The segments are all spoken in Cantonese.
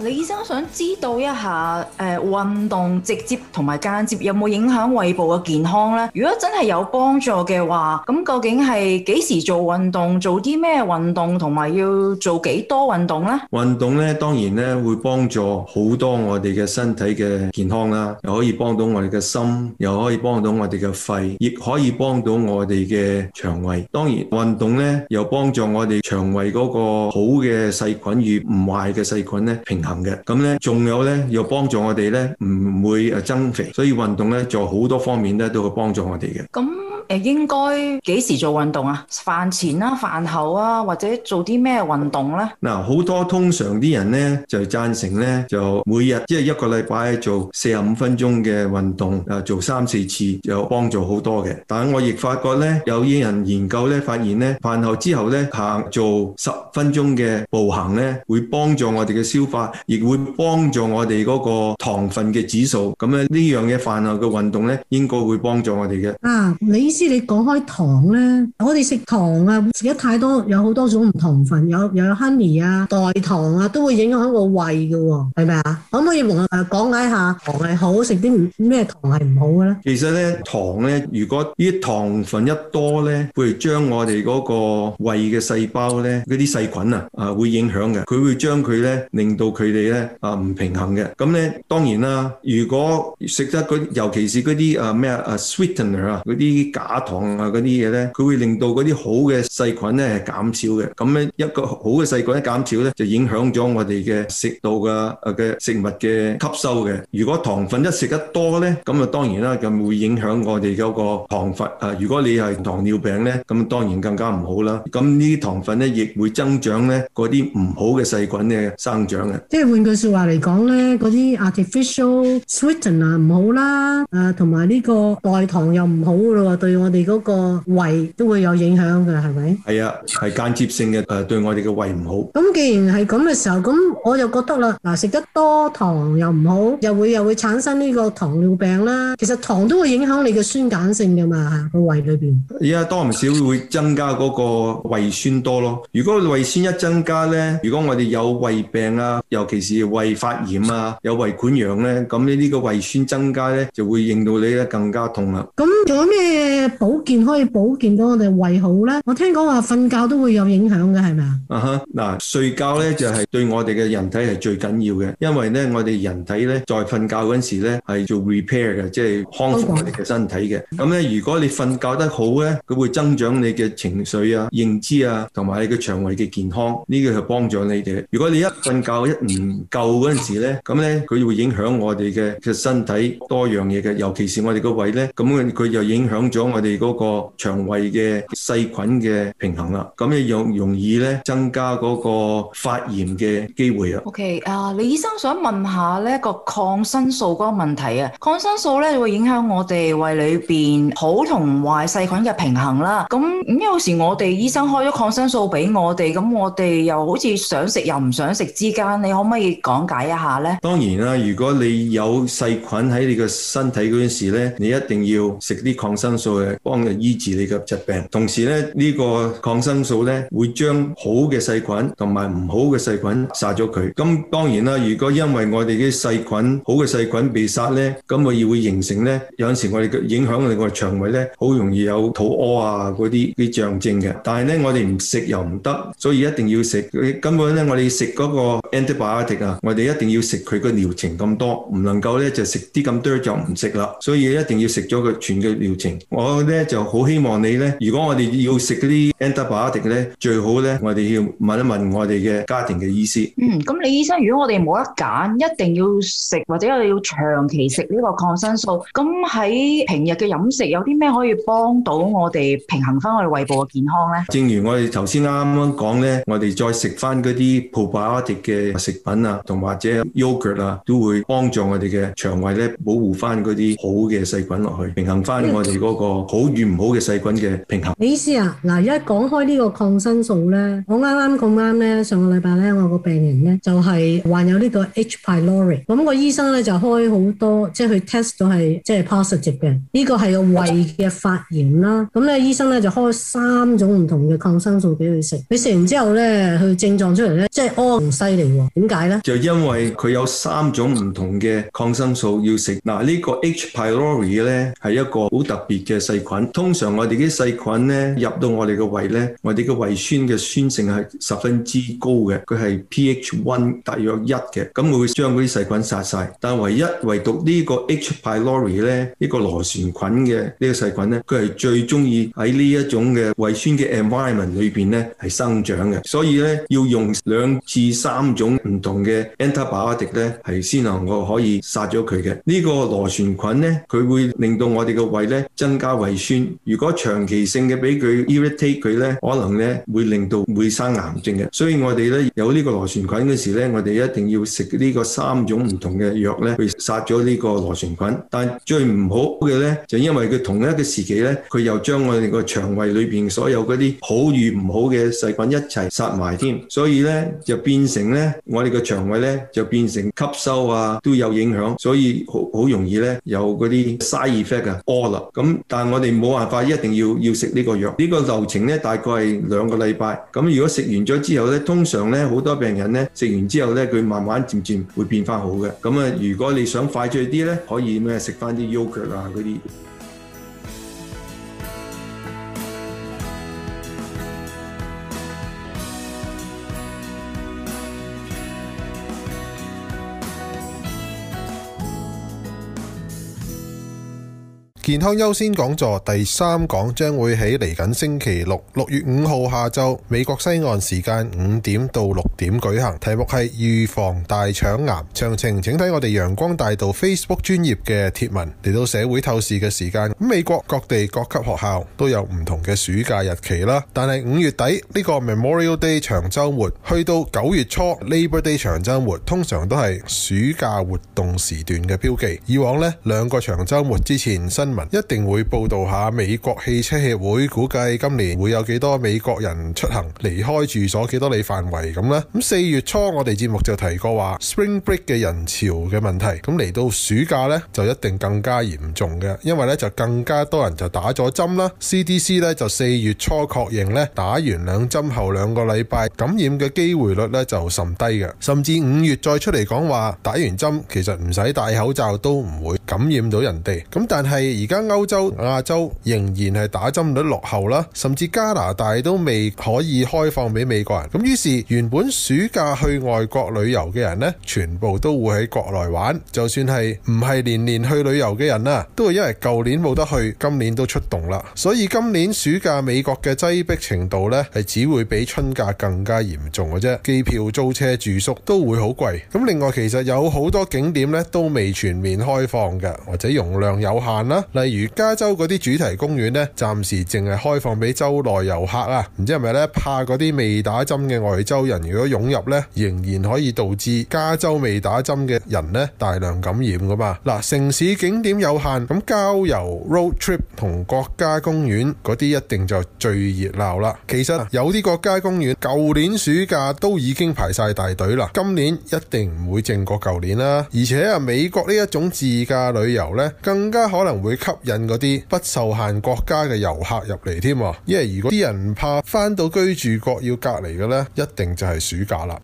李、啊、醫生想知道一下，誒、呃、運動直接同埋間接有冇影響胃部嘅健康呢？如果真係有幫助嘅話，咁究竟係幾時做運動？做啲咩運動？同埋要做幾多運動呢？運動咧當然咧會幫助好多我哋嘅身體嘅健康啦，又可以幫到我哋嘅心，又可以幫到我哋嘅肺，亦可以幫到我哋嘅腸胃。當然運動咧又幫助我哋腸胃嗰個好嘅細菌與唔壞嘅細菌咧平行咁呢，仲有呢，又幫助我哋呢，唔會增肥，所以運動呢，喺好多方面呢，都會幫助我哋嘅。誒，應該幾時做運動啊？飯前啦，飯後啊，或者做啲咩運動呢？嗱，好多通常啲人呢，就贊成呢，就每日即係、就是、一個禮拜做四十五分鐘嘅運動，做三四次就幫助好多嘅。但我亦發覺呢，有啲人研究呢，發現呢，飯後之後呢，行做十分鐘嘅步行呢，會幫助我哋嘅消化，亦會幫助我哋嗰個糖分嘅指數。咁呢樣嘅飯後嘅運動呢，應該會幫助我哋嘅。啊，你？知你講開糖咧，我哋食糖啊，食得太多，有好多種唔同糖分，有又有 honey 啊，代糖啊，都會影響個胃㗎喎，係咪啊？可唔可以同我講解下糖係好，食啲唔咩糖係唔好嘅咧？其實咧糖咧，如果啲糖分一多咧，會將我哋嗰個胃嘅細胞咧，嗰啲細菌啊，啊會影響嘅，佢會將佢咧令到佢哋咧啊唔平衡嘅。咁咧當然啦，如果食得嗰，尤其是嗰啲誒咩啊，sweetener 啊，嗰啲假打糖啊嗰啲嘢咧，佢會令到嗰啲好嘅細菌咧係減少嘅。咁咧一個好嘅細菌一減少咧，就影響咗我哋嘅食道嘅呃嘅食物嘅吸收嘅。如果糖分一食得多咧，咁啊當然啦，就會影響我哋嗰個糖分啊。如果你係糖尿病咧，咁當然更加唔好啦。咁呢啲糖分咧，亦會增長咧嗰啲唔好嘅細菌嘅生長嘅。即係換句説話嚟講咧，嗰啲 artificial sweetener 啊唔好啦，啊同埋呢個代糖又唔好啦，對。對我哋嗰個胃都會有影響㗎，係咪？係啊，係間接性嘅誒，對我哋嘅胃唔好。咁既然係咁嘅時候，咁我就覺得啦，嗱，食得多糖又唔好，又會又會產生呢個糖尿病啦。其實糖都會影響你嘅酸鹼性㗎嘛，個胃裏邊。而家多唔少會增加嗰個胃酸多咯。如果胃酸一增加咧，如果我哋有胃病啊，尤其是胃發炎啊，有胃潰瘍咧，咁呢呢個胃酸增加咧，就會令到你咧更加痛啦。咁仲有咩？保健可以保健到我哋胃好咧？我聽講話瞓覺都會有影響嘅，係咪啊？啊哈，嗱，睡覺咧就係、是、對我哋嘅人體係最緊要嘅，因為咧我哋人體咧在瞓覺嗰陣時咧係做 repair 嘅，即係康復我哋嘅身體嘅。咁咧如果你瞓覺得好咧，佢會增長你嘅情緒啊、認知啊，同埋你嘅腸胃嘅健康，呢、這個係幫助你哋。如果你一瞓覺一唔夠嗰陣時咧，咁咧佢會影響我哋嘅嘅身體多樣嘢嘅，尤其是我哋個胃咧，咁佢就影響咗。我哋嗰個腸胃嘅細菌嘅平衡啦，咁亦容容易咧增加嗰個發炎嘅機會啊。OK，啊，李醫生想問下呢個抗生素嗰個問題啊，抗生素咧會影響我哋胃裏邊好同壞細菌嘅平衡啦。咁有時我哋醫生開咗抗生素俾我哋，咁我哋又好似想食又唔想食之間，你可唔可以講解一下咧？當然啦，如果你有細菌喺你個身體嗰陣時咧，你一定要食啲抗生素。幫人醫治你嘅疾病，同時咧呢個抗生素咧會將好嘅細菌同埋唔好嘅細菌殺咗佢。咁當然啦，如果因為我哋啲細菌好嘅細菌被殺咧，咁我亦會形成咧有陣時我哋嘅影響我哋個腸胃咧好容易有肚屙啊嗰啲啲症狀嘅。但係咧我哋唔食又唔得，所以一定要食。根本咧我哋食嗰個 antibiotic 啊，我哋一定要食佢個療程咁多，唔能夠咧就食啲咁多就唔食啦。所以一定要食咗個全嘅療程。我咧就好希望你咧，如果我哋要食嗰啲 antibiotic 咧，最好咧，我哋要問一問我哋嘅家庭嘅醫師。嗯，咁你醫生，如果我哋冇得揀，一定要食或者我哋要長期食呢個抗生素，咁喺平日嘅飲食有啲咩可以幫到我哋平衡翻我哋胃部嘅健康咧？正如我哋頭先啱啱講咧，我哋再食翻嗰啲 probiotic 嘅食品啊，同或者 yogurt 啊，都會幫助我哋嘅腸胃咧，保護翻嗰啲好嘅細菌落去，平衡翻我哋嗰個。好與唔好嘅細菌嘅平衡。你意思啊？嗱，一講開呢個抗生素咧，我啱啱咁啱咧，上個禮拜咧，我個病人咧就係、是、患有呢個 H. pylori，咁、那個醫生咧就開好多，即係佢 test 咗係即係 positive 嘅。呢、這個係個胃嘅發炎啦。咁、那、咧、個、醫生咧就開三種唔同嘅抗生素俾佢食。佢食完之後咧，佢嘅症狀出嚟咧，即係屙唔犀利喎。點解咧？就因為佢有三種唔同嘅抗生素要食。嗱，呢個 H. pylori 咧係一個好特別嘅。細菌，通常我哋啲細菌咧入到我哋個胃咧，我哋個胃酸嘅酸性係十分之高嘅，佢係 pH one 大約一嘅，咁會將嗰啲細菌殺晒。但唯一唯獨呢個 H. pylori 咧，呢個螺旋菌嘅呢個細菌咧，佢係最中意喺呢一種嘅胃酸嘅 environment 裏邊咧係生長嘅。所以咧要用兩至三種唔同嘅 antibiotic 咧係先能夠可以殺咗佢嘅。呢個螺旋菌咧，佢會令到我哋個胃咧增加。胃酸，如果長期性嘅俾佢 irritate 佢咧，可能咧會令到會生癌症嘅。所以我哋咧有呢個螺旋菌嗰時咧，我哋一定要食呢個三種唔同嘅藥咧，去殺咗呢個螺旋菌。但係最唔好嘅咧，就因為佢同一個時期咧，佢又將我哋個腸胃裏邊所有嗰啲好與唔好嘅細菌一齊殺埋添。所以咧就變成咧我哋個腸胃咧就變成吸收啊都有影響，所以好好容易咧有嗰啲 side effect 啊屙啦。咁但我哋冇辦法，一定要要食呢個藥。呢個流程咧，大概係兩個禮拜。咁如果食完咗之後咧，通常咧好多病人咧食完之後咧，佢慢慢漸漸會變翻好嘅。咁啊，如果你想快脆啲咧，可以咩食翻啲乳酪啊嗰啲。健康優先講座第三講將會喺嚟緊星期六六月五號下晝美國西岸時間五點到六點舉行，題目係預防大腸癌。詳情請睇我哋陽光大道 Facebook 專頁嘅貼文。嚟到社會透視嘅時間，美國各地各級學校都有唔同嘅暑假日期啦。但係五月底呢個 Memorial Day 長週末，去到九月初 Labor Day 長週末，通常都係暑假活動時段嘅標記。以往呢兩個長週末之前新一定會報道下美國汽車協會估計今年會有幾多美國人出行離開住所幾多里範圍咁咧。咁四月初我哋節目就提過話 Spring Break 嘅人潮嘅問題，咁嚟到暑假咧就一定更加嚴重嘅，因為咧就更加多人就打咗針啦。CDC 咧就四月初確認咧打完兩針後兩個禮拜感染嘅機會率咧就甚低嘅，甚至五月再出嚟講話打完針其實唔使戴口罩都唔會感染到人哋。咁但係而而家歐洲、亞洲仍然係打針率落後啦，甚至加拿大都未可以開放俾美國人。咁於是原本暑假去外國旅遊嘅人呢，全部都會喺國內玩。就算係唔係年年去旅遊嘅人啦，都係因為舊年冇得去，今年都出動啦。所以今年暑假美國嘅擠逼程度呢，係只會比春假更加嚴重嘅啫。機票、租車、住宿都會好貴。咁另外其實有好多景點呢，都未全面開放嘅，或者容量有限啦。例如加州嗰啲主題公園咧，暫時淨係開放俾州內遊客啊！唔知係咪咧，怕嗰啲未打針嘅外州人如果湧入咧，仍然可以導致加州未打針嘅人咧大量感染噶嘛？嗱，城市景點有限，咁郊遊 road trip 同國家公園嗰啲一定就最熱鬧啦。其實有啲國家公園舊年暑假都已經排晒大隊啦，今年一定唔會正過舊年啦。而且啊，美國呢一種自駕旅遊咧，更加可能會。吸引嗰啲不受限國家嘅遊客入嚟添，因為如果啲人怕返到居住國要隔離嘅呢，一定就係暑假啦。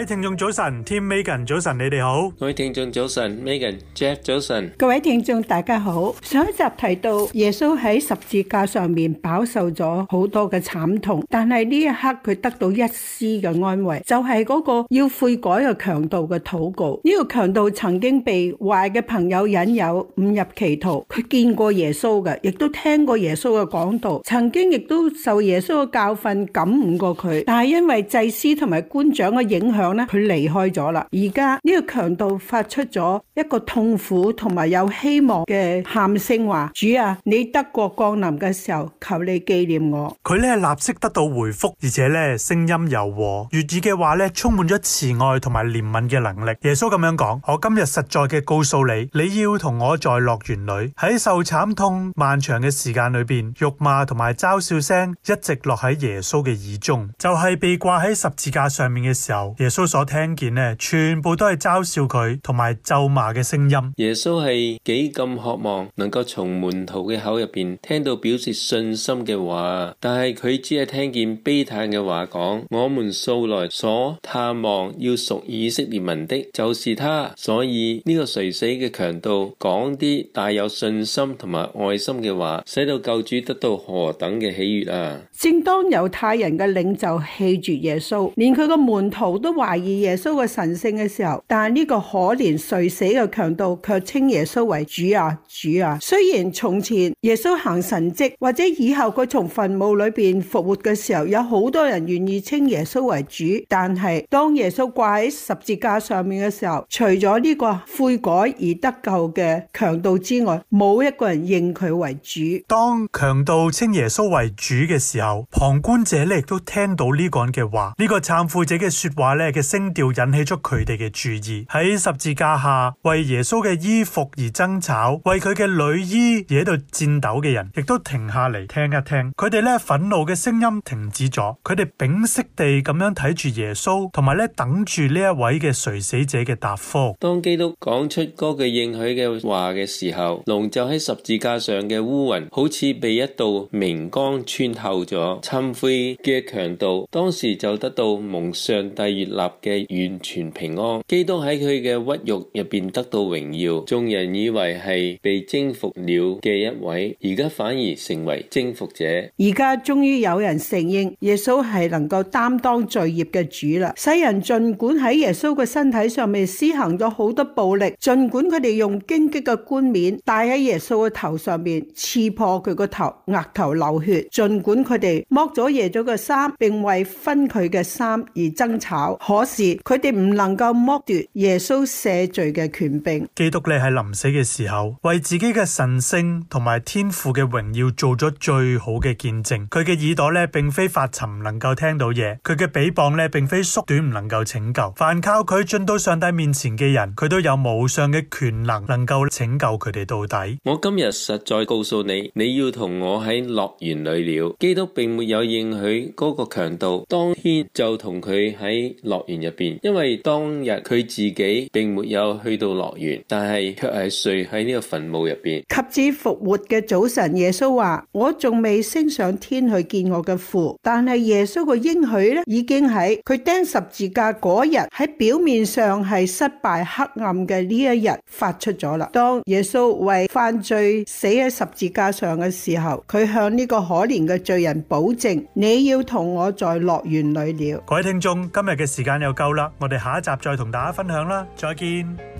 各位聽眾早晨，Tim Megan 早晨，你哋好。各位聽眾早晨，Megan Jack 早晨，各位聽眾大家好。上一集提到耶穌喺十字架上面飽受咗好多嘅慘痛，但係呢一刻佢得到一絲嘅安慰，就係、是、嗰個要悔改嘅強盜嘅禱告。呢、這個強盜曾經被壞嘅朋友引誘誤入歧途，佢見過耶穌嘅，亦都聽過耶穌嘅講道，曾經亦都受耶穌嘅教訓感悟過佢，但係因為祭司同埋官長嘅影響。佢離開咗啦，而家呢個強盜發出咗一個痛苦同埋有希望嘅喊聲，話：主啊，你得國降臨嘅時候，求你紀念我。佢呢立即得到回覆，而且呢聲音柔和，粵語嘅話呢，充滿咗慈愛同埋憐憫嘅能力。耶穌咁樣講：我今日實在嘅告訴你，你要同我樂在樂園裏。喺受慘痛漫長嘅時間裏邊，辱罵同埋嘲笑聲一直落喺耶穌嘅耳中，就係、是、被掛喺十字架上面嘅時候，耶穌。穌所聽見呢，全部都係嘲笑佢同埋咒罵嘅聲音。耶穌係幾咁渴望能夠從門徒嘅口入邊聽到表示信心嘅話，但係佢只係聽見悲嘆嘅話，講我們素來所探望要屬以色列民的，就是他。所以呢個垂死嘅強盜講啲大有信心同埋愛心嘅話，使到救主得到何等嘅喜悅啊！正當猶太人嘅領袖棄絕耶穌，連佢個門徒都懷疑耶穌嘅神聖嘅時候，但係呢個可憐垂死嘅強盜卻稱耶穌為主啊主啊！雖然從前耶穌行神蹟，或者以後佢從墳墓裏邊復活嘅時候，有好多人願意稱耶穌為主，但係當耶穌掛喺十字架上面嘅時候，除咗呢個悔改而得救嘅強盜之外，冇一個人認佢為主。當強盜稱耶穌為主嘅時候。旁觀者咧亦都聽到呢個人嘅話，呢個懺悔者嘅說話咧嘅聲調引起咗佢哋嘅注意。喺十字架下為耶穌嘅衣服而爭吵、為佢嘅裡衣惹到戰鬥嘅人，亦都停下嚟聽一聽。佢哋咧憤怒嘅聲音停止咗，佢哋屏息地咁樣睇住耶穌，同埋咧等住呢一位嘅垂死者嘅答覆。當基督講出嗰句應許嘅話嘅時候，籠罩喺十字架上嘅烏雲好似被一道明光穿透咗。懺悔嘅強度，當時就得到蒙上帝悅納嘅完全平安。基督喺佢嘅屈辱入邊得到榮耀，眾人以為係被征服了嘅一位，而家反而成為征服者。而家終於有人承認耶穌係能夠擔當罪孽嘅主啦，世人儘管喺耶穌嘅身體上面施行咗好多暴力，儘管佢哋用荊棘嘅冠冕戴喺耶穌嘅頭上面，刺破佢個頭，額頭流血，儘管佢哋。剝咗耶咗嘅衫，並為分佢嘅衫而爭吵。可是佢哋唔能夠剝奪耶穌赦罪嘅權柄。基督你喺臨死嘅時候，為自己嘅神聖同埋天父嘅榮耀做咗最好嘅見證。佢嘅耳朵呢，並非發沉能夠聽到嘢；佢嘅臂膀呢，並非縮短唔能夠拯救。凡靠佢進到上帝面前嘅人，佢都有無上嘅權能，能夠拯救佢哋到底。我今日實在告訴你，你要同我喺樂園裏了，基督。並沒有應許嗰個強盜，當天就同佢喺樂園入邊，因為當日佢自己並沒有去到樂園，但係卻係睡喺呢個墳墓入邊。及至復活嘅早晨，耶穌話：我仲未升上天去見我嘅父。但係耶穌嘅應許咧，已經喺佢釘十字架嗰日喺表面上係失敗黑暗嘅呢一日發出咗啦。當耶穌為犯罪死喺十字架上嘅時候，佢向呢個可憐嘅罪人。保證你要同我在樂園裏了。各位聽眾，今日嘅時間又夠啦，我哋下一集再同大家分享啦，再見。